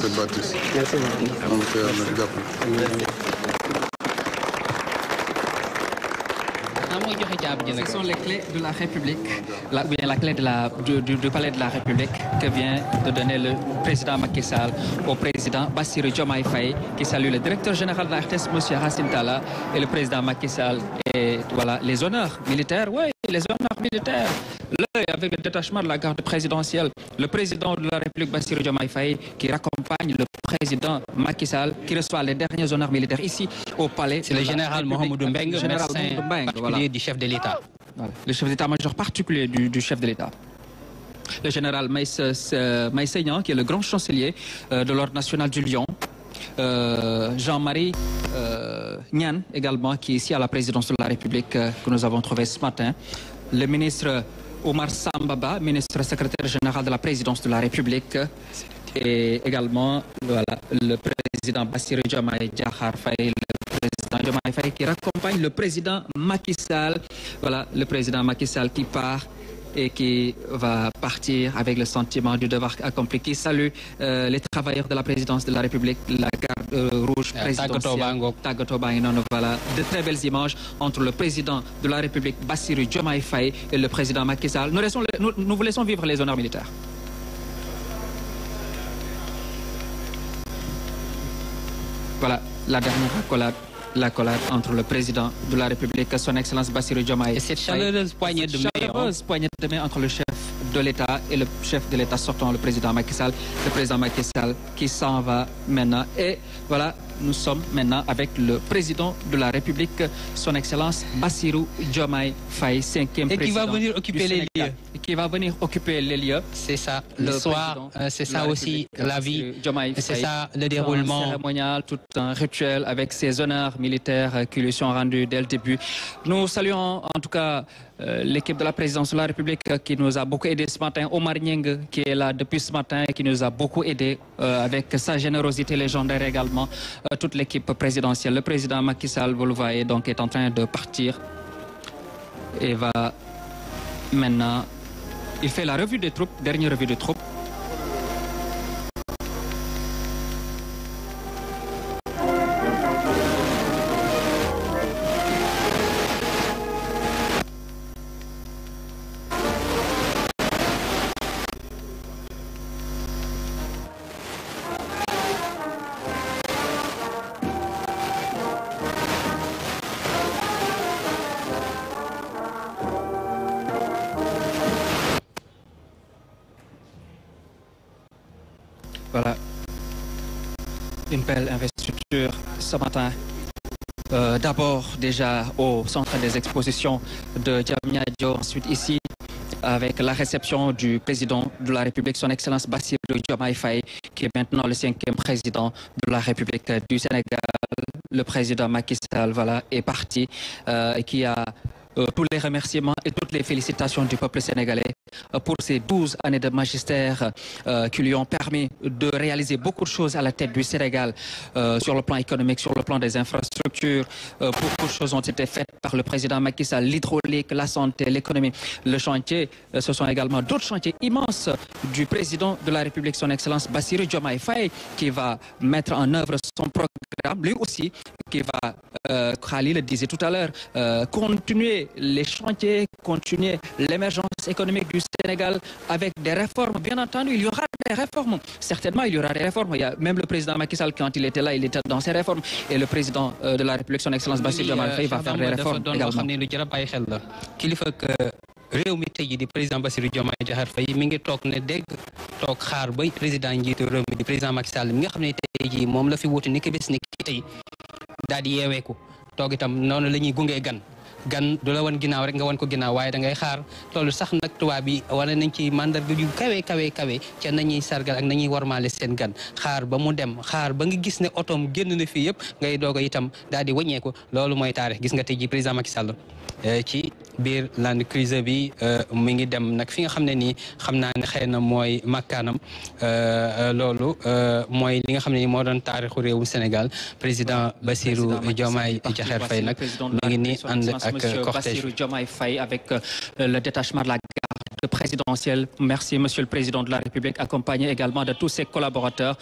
sëñ merci beaucoup ce sont les clés de la République la clé de la du, palais de la République que vient de donner le président Macky Sall au président Bassirou Diomaye Faye qui salue le directeur général de l'artiste, monsieur Hassim Tala, et le président Macky Sall et voilà les honneurs militaires ouais les honneurs militaires. L'œil avec le détachement de la garde présidentielle, le président de la République, Bassir Diomaye qui raccompagne le président Macky Sall, qui reçoit les derniers honneurs militaires ici au palais. C'est le général Mohamed Mbeng, général du chef de l'État. Le chef d'état-major particulier du, chef de l'État le général Maïseignan, euh, qui est le grand chancelier euh, de l'Ordre national du Lyon, euh, Jean-Marie euh, Nyan, également, qui est ici à la présidence de la République, euh, que nous avons trouvé ce matin. Le ministre Omar Sambaba, ministre secrétaire général de la présidence de la République, et également le président Bassirou Diomaye Djahar le président qui accompagne le président Macky Sall. Voilà, le président Macky Sall qui part et qui va partir avec le sentiment du devoir accompli, qui salue euh, les travailleurs de la présidence de la République, la garde euh, rouge présidentielle. voilà de très belles images entre le président de la République, Basiru, Diomaye Faye, et le président Macky Sall. Nous, vous laissons vivre les honneurs militaires. Voilà la dernière accolade la colère entre le président de la République, son Excellence Bassirou Diomaye. Et cette chaleureuse de main. Hein. Chaleureuse poignée de main entre le chef de l'État et le chef de l'État sortant, le président Macky Sall, le président Macky Sall qui s'en va maintenant. Et voilà, nous sommes maintenant avec le président de la République, son Excellence Bassirou Diomaye Faye, cinquième président. Et qui va venir occuper les lieux. Qui va venir occuper les lieux. C'est ça, le, soir, euh, c'est ça aussi la vie, c'est ça le déroulement. Tout cérémonial, tout un rituel avec ses honneurs militaires qui lui sont rendus dès le début. Nous saluons en tout cas euh, l'équipe de la présidence de la République qui nous a beaucoup aidé ce matin, Omar Nying qui est là depuis ce matin et qui nous a beaucoup aidé euh, avec sa générosité légendaire également, euh, toute l'équipe présidentielle. Le président Macky Sall Boulouvaé donc est en train de partir et va maintenant, il fait la revue des troupes, dernière revue des troupes. Voilà. Une belle investiture ce matin. Euh, d'abord déjà au centre des expositions de Diamniadio, ensuite ici avec la réception du président de la République, son Excellence Bassirou Diomaye Faye, qui est maintenant le cinquième président de la République du Sénégal. Le président Macky Sall voilà, est parti euh, et qui a tous euh, les remerciements et toutes les félicitations du peuple sénégalais euh, pour ces 12 années de magistère euh, qui lui ont permis de réaliser beaucoup de choses à la tête du Sénégal sur le plan économique, sur le plan des infrastructures. beaucoup de choses ont été faites par le président Macky Sall, l'hydraulique, la santé, l'économie, le chantier. ce sont également d'autres chantiers immenses du président de la République, son Excellence Bassirou Diomaye Faye, qui va mettre en œuvre son programme, lui aussi, qui va, euh, Khalil le disait tout à l'heure, euh, continuer les chantiers, continuer l'émergence économique du Sénégal avec des réformes. Bien entendu, il y aura des réformes. Certainement, il y aura des réformes. Il y a même le président Macky Sall, quand il était là, il était dans ses réformes. Et le président euh, de la République, son Excellence Bassir Diomaye Faye, euh, va faire des réformes également. faut que tey jii di président Bassirou Diomaye Diakhar Faye mi ngi tok ne tok xaar bay président njiitu président Macky Sall mi nga xamné ne mom la fi woti ni ni daal di yeeweeku toog itam noonu la ñuy gungee gan gan du la wan ginnaaw rek nga wan ko ginnaaw waaye da ngay xaar loolu sax nag tubaab bi wane nañ ci mandarga yu kawe kawe kawe ca nañuy sargal ak nañuy warmaale seen gan xaar ba mu dem xaar ba nga gis ne otoom génn na fii yëpp ngay doog a itam daal di wàññeeku loolu mooy taarix gis nga tey ji président Macky Sall eh, ci biir Land Cruiser bi eh, mu ngi dem nag fi nga xam ne nii xam naa ne xëy na mooy makkaanam eh, loolu mooy li nga xam ne nii moo doon taarixu réewum Sénégal président Bassirou avec M. Euh, cortège. Faye avec euh, le détachement de la garde présidentielle. Merci, Monsieur le Président de la République, accompagné également de tous ses collaborateurs.